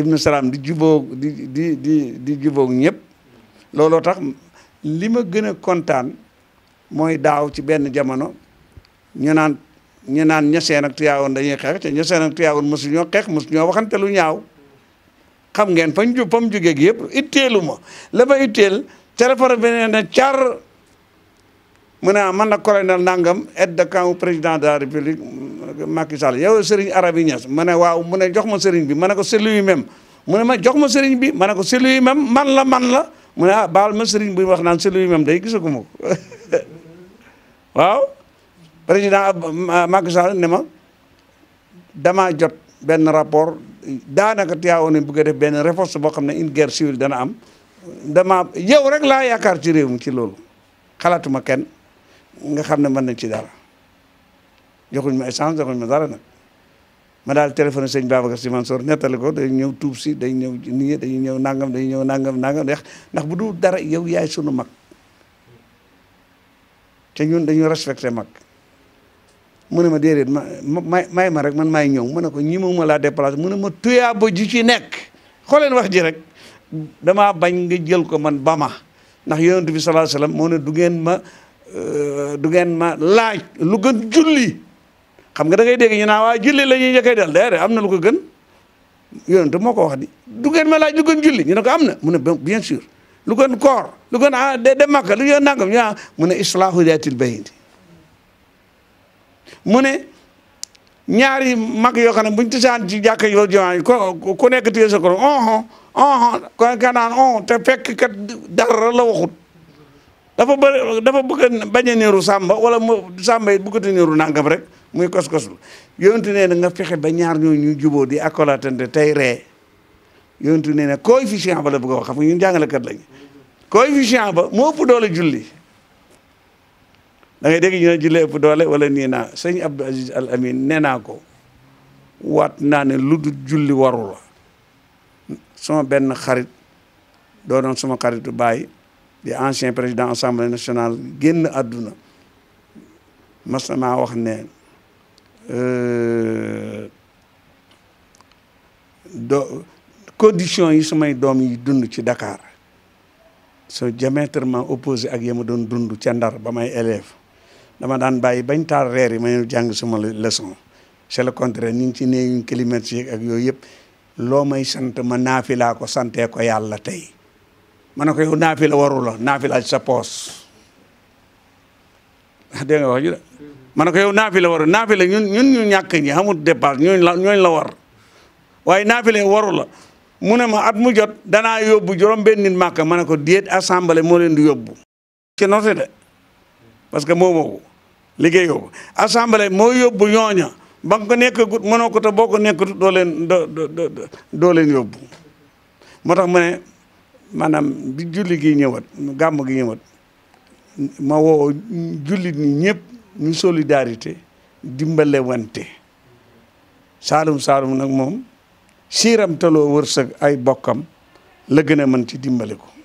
ibnu salaam di jubóog di di di di jubóog ñëpp looloo tax li ma gën a kontaan mooy daaw ci benn jamono ñu naan ñu naan ñeseen dañuy xeex te ñeseen ak tuyaawoon mosu ñoo xeex mosu ñoo waxante lu ñaaw xam ngeen fañ ju fa mu jugee gi yëpp itteelu ma la ma itteel na car mu ne ah, man la colonel Nangam aide de camp président de la république Macky Sall yow Serigne Arabi Niass ma ne waaw mu ne jox ma Serigne bi ma ne ko c'est lui-même mu ne ma jox ma Serigne bi ma ne ko c'est lui-même man la man la mu ne ah baal ma Serigne bu wax naan c'est lui-même day gisaguma ko waaw président ah, Macky Sall ne ma damaa jot benn rapport daanaka Tivaouane ne bëgg a def benn réforme boo xam ne une guerre civile dana am damaa yow rek laa yaakaar ci réew mi ci loolu xalaatuma kenn. nga xam ne man nañ ci dara joxuñ ma échange joxuñ ma dara nag ma daal téléphone sëñ Babacar Sy Mansour nettali ko day ñëw tuub si day ñëw nii dañuy ñëw nangam dañuy ñëw nangam nangam ndax ndax bu dul dara yow yaay sunu mag te ñun dañu respecté mag mu ne ma déedéet ma may may ma rek man maay ñëw mu ne ko ñi ma laa déplacé mu ne ma tuyaaba ji ci nekk xoleen wax ji rek damaa bañ nga jël ko man ba ndax yonent bi sallallahu alayhi wasallam moo ne du ngeen ma Euh, du ngeen ma laaj lu gën julli xam nga da ngay dégg ñu naa waa julli la ñuy njëkkee del déedéet am na lu ko gën yonent ko wax di du ngeen ma laaj lu julli ñu ne ko am na mu ne bien sûr lu gën koor lu gën a ah, de de makka lu gën nangam ñu mu ne islaahu daatil bayni mu ne ñaari mag yoo xam ne buñ tisaan ci jàkka yoo jiwaan ko ku nekk téye sa korom on oh, on oh, on oh, ko kanaan on te fekk kat dara la dafa bëri dafa bañ a sàmba wala mu sàmba it bëggati niru nangam rek muy kos-kos la yontu nee na nga fexe ba ñaar ñu juboo di akolaatante tey ree yontu nee na coefficient ba la bëgg a xam nga ñun jàngalekat lañu coefficient ba moo ëpp doole julli da ngay dégg ñu ne doole wala nii naa sëñ Abdou Aziz nee naa ko waat naa ne lu dul julli waru la benn xarit doo doon sama xaritu bàyyi di ancien président assemblée national génn àdduna mas wax ne euh, do conditions yi su may doom yi dund ci Dakar so diamétralement opposé ak ya ma doon dund ca Ndar ba may élève dama daan bàyyi bañ taal reer yi ma ne jàng sama leçon c'est le contraire ñu ngi ci néew ñu climatisé ak yooyu yëpp loo may sant ma naafilaa ko santee ko yàlla tey ma ne ko yow naafi la waru la naafi la ci sa poos dégg nga wax yow naafi la waru naafi la ñun ñu ñàkk ñi amul dépense ñooñ la ñooñ la war waaye naafi la waru la mu ne ma at mu jot danaa yóbbu juróom benn nit màkk ma ne ko déet assemblée moo leen di yóbbu ci noté de parce que moo moobu liggéey yóbbu assemblée moo yóbbu ñooña ba nga nekk gut mënoo ko boo ko nekk doo leen doo doo doo leen yóbbu moo tax mu maanaam bi julli gi ñëwat gàmm gi ñëwat ma woo jullit ñi ñëpp ñu solidarité dimbale wante saalum saalum nag moom siiram taloo wërsëg ay bokkam la gën a mën ci dimbale ko